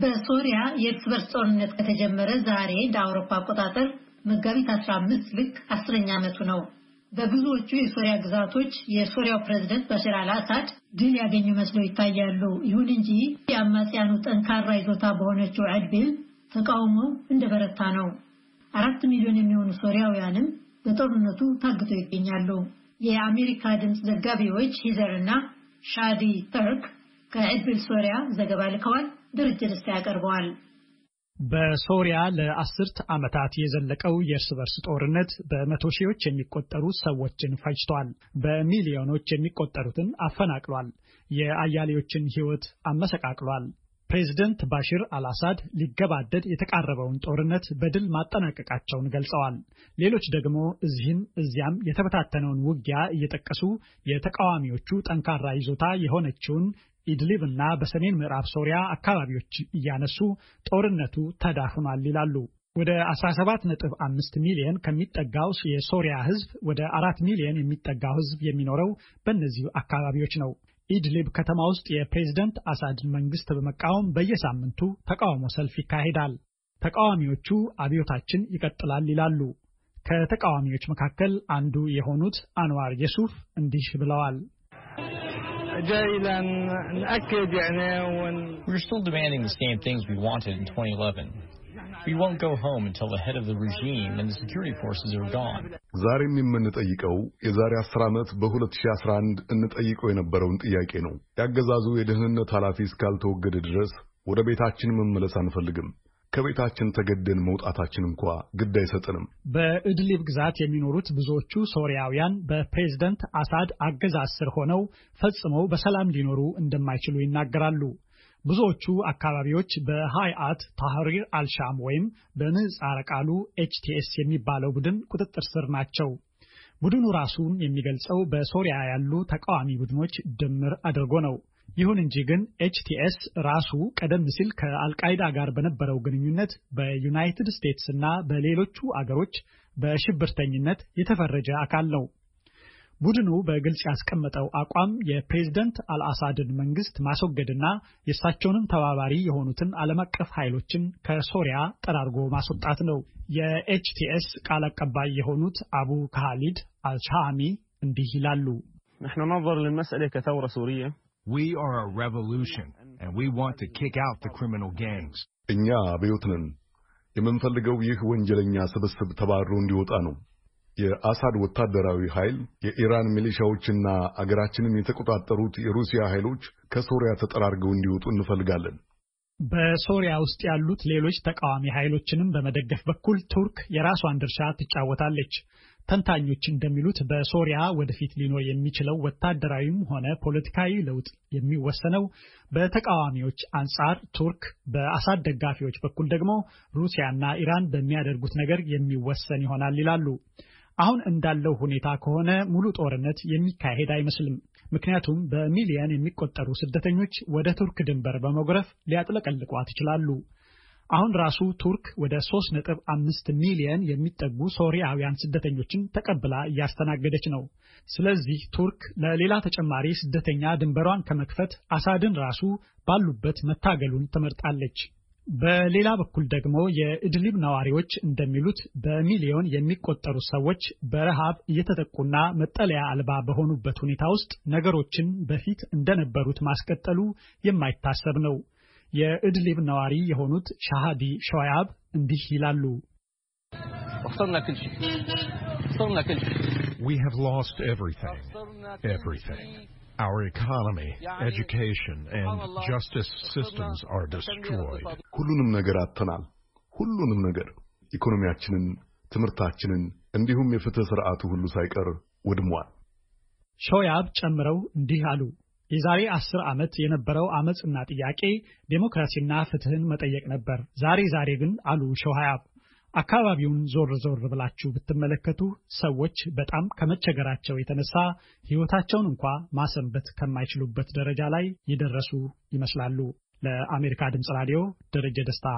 በሶሪያ የእርስ በርስ ጦርነት ከተጀመረ ዛሬ እንደ አውሮፓ አቆጣጠር መጋቢት 15 ልክ አስረኛ ዓመቱ ነው። በብዙዎቹ የሶሪያ ግዛቶች የሶሪያው ፕሬዝደንት በሽር አልአሳድ ድል ያገኙ መስለው ይታያሉ። ይሁን እንጂ የአማጽያኑ ጠንካራ ይዞታ በሆነችው ዕድቢል ተቃውሞ እንደበረታ ነው። አራት ሚሊዮን የሚሆኑ ሶሪያውያንም በጦርነቱ ታግተው ይገኛሉ። የአሜሪካ ድምፅ ዘጋቢዎች ሂዘር እና ሻዲ ተርክ ከኢድቢል ሶሪያ ዘገባ ልከዋል። ድርጅት ደስታ ያቀርበዋል። በሶሪያ ለአስርት ዓመታት የዘለቀው የእርስ በርስ ጦርነት በመቶ ሺዎች የሚቆጠሩ ሰዎችን ፈጅቷል፣ በሚሊዮኖች የሚቆጠሩትን አፈናቅሏል፣ የአያሌዎችን ሕይወት አመሰቃቅሏል። ፕሬዝደንት ባሽር አልአሳድ ሊገባደድ የተቃረበውን ጦርነት በድል ማጠናቀቃቸውን ገልጸዋል። ሌሎች ደግሞ እዚህም እዚያም የተበታተነውን ውጊያ እየጠቀሱ የተቃዋሚዎቹ ጠንካራ ይዞታ የሆነችውን ኢድሊብ እና በሰሜን ምዕራብ ሶሪያ አካባቢዎች እያነሱ ጦርነቱ ተዳፍኗል ይላሉ። ወደ 17.5 ሚሊዮን ከሚጠጋው የሶሪያ ህዝብ ወደ 4 ሚሊዮን የሚጠጋው ህዝብ የሚኖረው በእነዚሁ አካባቢዎች ነው። ኢድሊብ ከተማ ውስጥ የፕሬዝደንት አሳድ መንግስት በመቃወም በየሳምንቱ ተቃውሞ ሰልፍ ይካሄዳል። ተቃዋሚዎቹ አብዮታችን ይቀጥላል ይላሉ። ከተቃዋሚዎች መካከል አንዱ የሆኑት አንዋር የሱፍ እንዲህ ብለዋል። We are still demanding the same things we wanted in 2011. We won't go home until the head of the regime and the security forces are gone. ዛሬም የምንጠይቀው የዛሬ 10 ዓመት በ2011 እንጠይቀው የነበረውን ጥያቄ ነው። ያገዛዙ የደህንነት ኃላፊ እስካልተወገደ ድረስ ወደ ቤታችን መመለስ አንፈልግም። ከቤታችን ተገደን መውጣታችን እንኳ ግድ አይሰጥንም። በእድሊብ ግዛት የሚኖሩት ብዙዎቹ ሶሪያውያን በፕሬዝደንት አሳድ አገዛዝ ስር ሆነው ፈጽመው በሰላም ሊኖሩ እንደማይችሉ ይናገራሉ። ብዙዎቹ አካባቢዎች በሃይአት ታህሪር አልሻም ወይም በምህጻረ ቃሉ ኤችቲኤስ የሚባለው ቡድን ቁጥጥር ስር ናቸው። ቡድኑ ራሱን የሚገልጸው በሶሪያ ያሉ ተቃዋሚ ቡድኖች ድምር አድርጎ ነው። ይሁን እንጂ ግን ኤችቲኤስ ራሱ ቀደም ሲል ከአልቃይዳ ጋር በነበረው ግንኙነት በዩናይትድ ስቴትስ እና በሌሎቹ አገሮች በሽብርተኝነት የተፈረጀ አካል ነው። ቡድኑ በግልጽ ያስቀመጠው አቋም የፕሬዝደንት አልአሳድን መንግስት ማስወገድና የእሳቸውንም ተባባሪ የሆኑትን ዓለም አቀፍ ኃይሎችን ከሶሪያ ጠራርጎ ማስወጣት ነው። የኤችቲኤስ ቃል አቀባይ የሆኑት አቡ ካሊድ አልሻሚ እንዲህ ይላሉ። نحن ننظر للمسألة كثورة سورية We are a revolution and we want to kick out the criminal gangs. እኛ አብዮት ነን። የምንፈልገው ይህ ወንጀለኛ ስብስብ ተባሮ እንዲወጣ ነው። የአሳድ ወታደራዊ ኃይል፣ የኢራን ሚሊሻዎችና አገራችንን የተቆጣጠሩት የሩሲያ ኃይሎች ከሶሪያ ተጠራርገው እንዲወጡ እንፈልጋለን። በሶሪያ ውስጥ ያሉት ሌሎች ተቃዋሚ ኃይሎችንም በመደገፍ በኩል ቱርክ የራሷን ድርሻ ትጫወታለች። ተንታኞች እንደሚሉት በሶሪያ ወደፊት ሊኖር የሚችለው ወታደራዊም ሆነ ፖለቲካዊ ለውጥ የሚወሰነው በተቃዋሚዎች አንጻር ቱርክ፣ በአሳድ ደጋፊዎች በኩል ደግሞ ሩሲያና ኢራን በሚያደርጉት ነገር የሚወሰን ይሆናል ይላሉ። አሁን እንዳለው ሁኔታ ከሆነ ሙሉ ጦርነት የሚካሄድ አይመስልም። ምክንያቱም በሚሊየን የሚቆጠሩ ስደተኞች ወደ ቱርክ ድንበር በመጉረፍ ሊያጥለቀልቋት ይችላሉ። አሁን ራሱ ቱርክ ወደ 3.5 ሚሊየን የሚጠጉ ሶሪያውያን ስደተኞችን ተቀብላ እያስተናገደች ነው። ስለዚህ ቱርክ ለሌላ ተጨማሪ ስደተኛ ድንበሯን ከመክፈት አሳድን ራሱ ባሉበት መታገሉን ትመርጣለች። በሌላ በኩል ደግሞ የኢድሊብ ነዋሪዎች እንደሚሉት በሚሊዮን የሚቆጠሩ ሰዎች በረሃብ እየተጠቁና መጠለያ አልባ በሆኑበት ሁኔታ ውስጥ ነገሮችን በፊት እንደነበሩት ማስቀጠሉ የማይታሰብ ነው። የኢድሊብ ነዋሪ የሆኑት ሻሃዲ ሸዋያብ እንዲህ ይላሉ። We have lost everything. Everything. Our economy, education, and justice systems are destroyed. ሁሉንም ነገር አጥተናል። ሁሉንም ነገር ኢኮኖሚያችንን፣ ትምህርታችንን እንዲሁም የፍትህ ስርዓቱ ሁሉ ሳይቀር ወድሟል። ሾያብ ጨምረው እንዲህ አሉ። የዛሬ አስር ዓመት የነበረው አመፅና ጥያቄ ዴሞክራሲና ፍትህን መጠየቅ ነበር። ዛሬ ዛሬ ግን አሉ ሾሃያብ አካባቢውን ዞር ዞር ብላችሁ ብትመለከቱ ሰዎች በጣም ከመቸገራቸው የተነሳ ሕይወታቸውን እንኳ ማሰንበት ከማይችሉበት ደረጃ ላይ የደረሱ ይመስላሉ። ለአሜሪካ ድምፅ ራዲዮ ደረጀ ደስታ